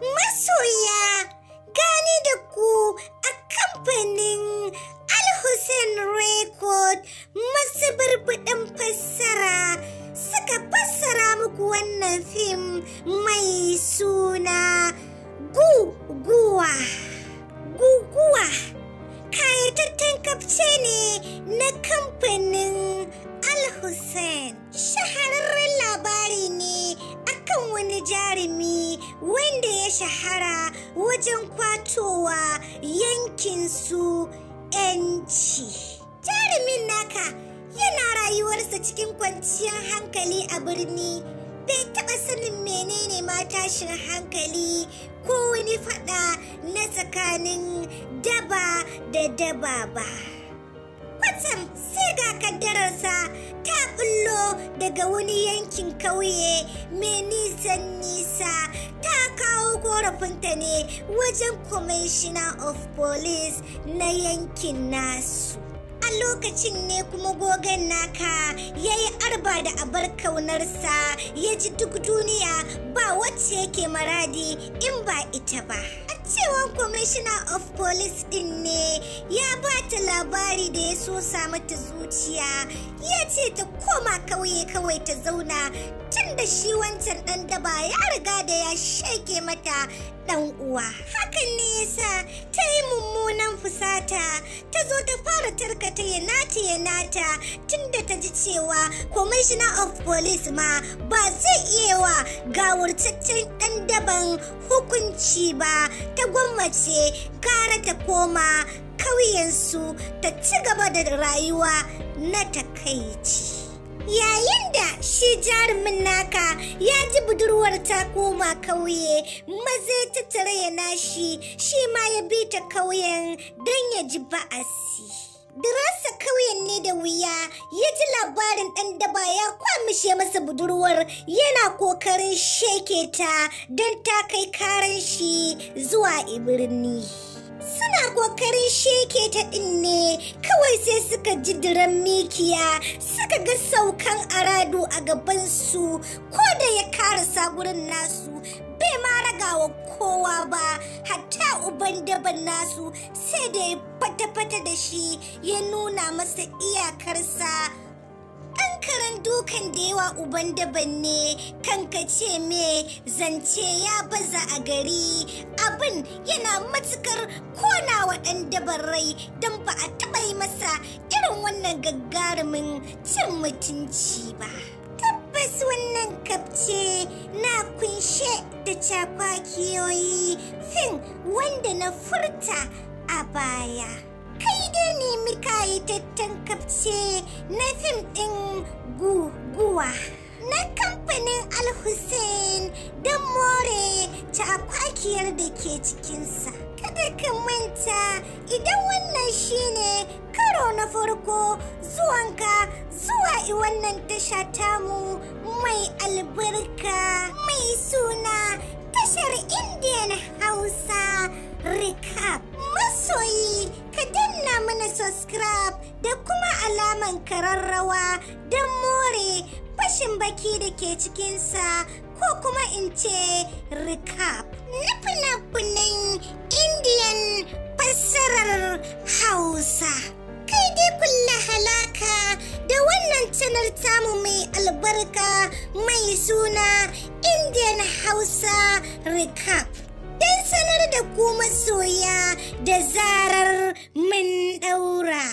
Masoya gani da ku a kamfanin Alhussein Record masu barbaɗin fassara suka fassara muku wannan fim mai suna guguwa. Guguwa kayatattun kafce ne na kamfanin Alhussein shahara kan wani jarumi wanda ya shahara wajen kwatowa yankin su 'yanci. Jarumin naka yana rayuwarsa cikin kwanciyar hankali a birni bai taɓa sanin menene ma tashin hankali ko wani faɗa na tsakanin daba da daba ba. Kwatsam sai ga kaddararsa ta bullo daga wani yankin kauye mai nisan nisa ta kawo korafinta ne wajen commissioner of police na yankin nasu a lokacin ne kuma gogon naka ya yi arba da abar kaunarsa ya ji duk duniya ba wacce yake maradi in ba ita ba cewa kwamishina of police din ne ya ba ta labari da ya so samu ta zuciya ya ce ta koma kauye kawai ta zauna tun da shi wancan dan daba ya riga da ya sheke mata dan uwa hakan ne yasa ta yi mummunan fusata ta zo ta fara tarkata ya nata ya nata tunda ta ji cewa commissioner of police ma ba zai iya wa gawurtaccen dan daban hukunci ba ta gwammace kara ta koma kauyensu ta ci gaba da rayuwa na takaici. Yayin da shi jarumin naka ya ji budurwar ta koma kauye maza ta tare ya nashi shi ma ya bi ta kauyen don ya ji ba'asi. Dirasa kauyen ne da wuya ya ji labarin ɗan daba ya kwa amshe masa budurwar yana kokarin sheke ta don ta kai karan shi zuwa Ibirni. suna kokarin sheke ta ɗin ne kawai sai suka ji diran mikiya suka ga saukan aradu a gabansu ko da ya karasa gurin nasu bai ma ragawa kowa ba hatta uban daban nasu sai da ya fata-fata da shi ya nuna masa iyakarsa karan dukan da yawa uban daban ne kanka ce me zance ya baza a gari abin yana matukar kona wa ɗan daban rai don ba a taɓa yi masa irin wannan gagarumin cin mutunci ba tabbas wannan kafce na kunshe da cakwakiyoyi fin wanda na furta a baya da nemi kayatattun kafce na fim ɗin guguwa na kamfanin alhussein don more akwakiyar da ke cikinsa kada ka manta idan wannan shine karo na farko zuwanka zuwa wannan tasha tamu mai albarka mai suna tashar indian hausa rawa don more fashin baki da ke cikinsa ko kuma in ce recap na fina indian fassarar hausa kai dai kulla halaka da wannan canar tamu mai albarka mai suna indian hausa recap don sanar da kuma soya da zarar mun daura.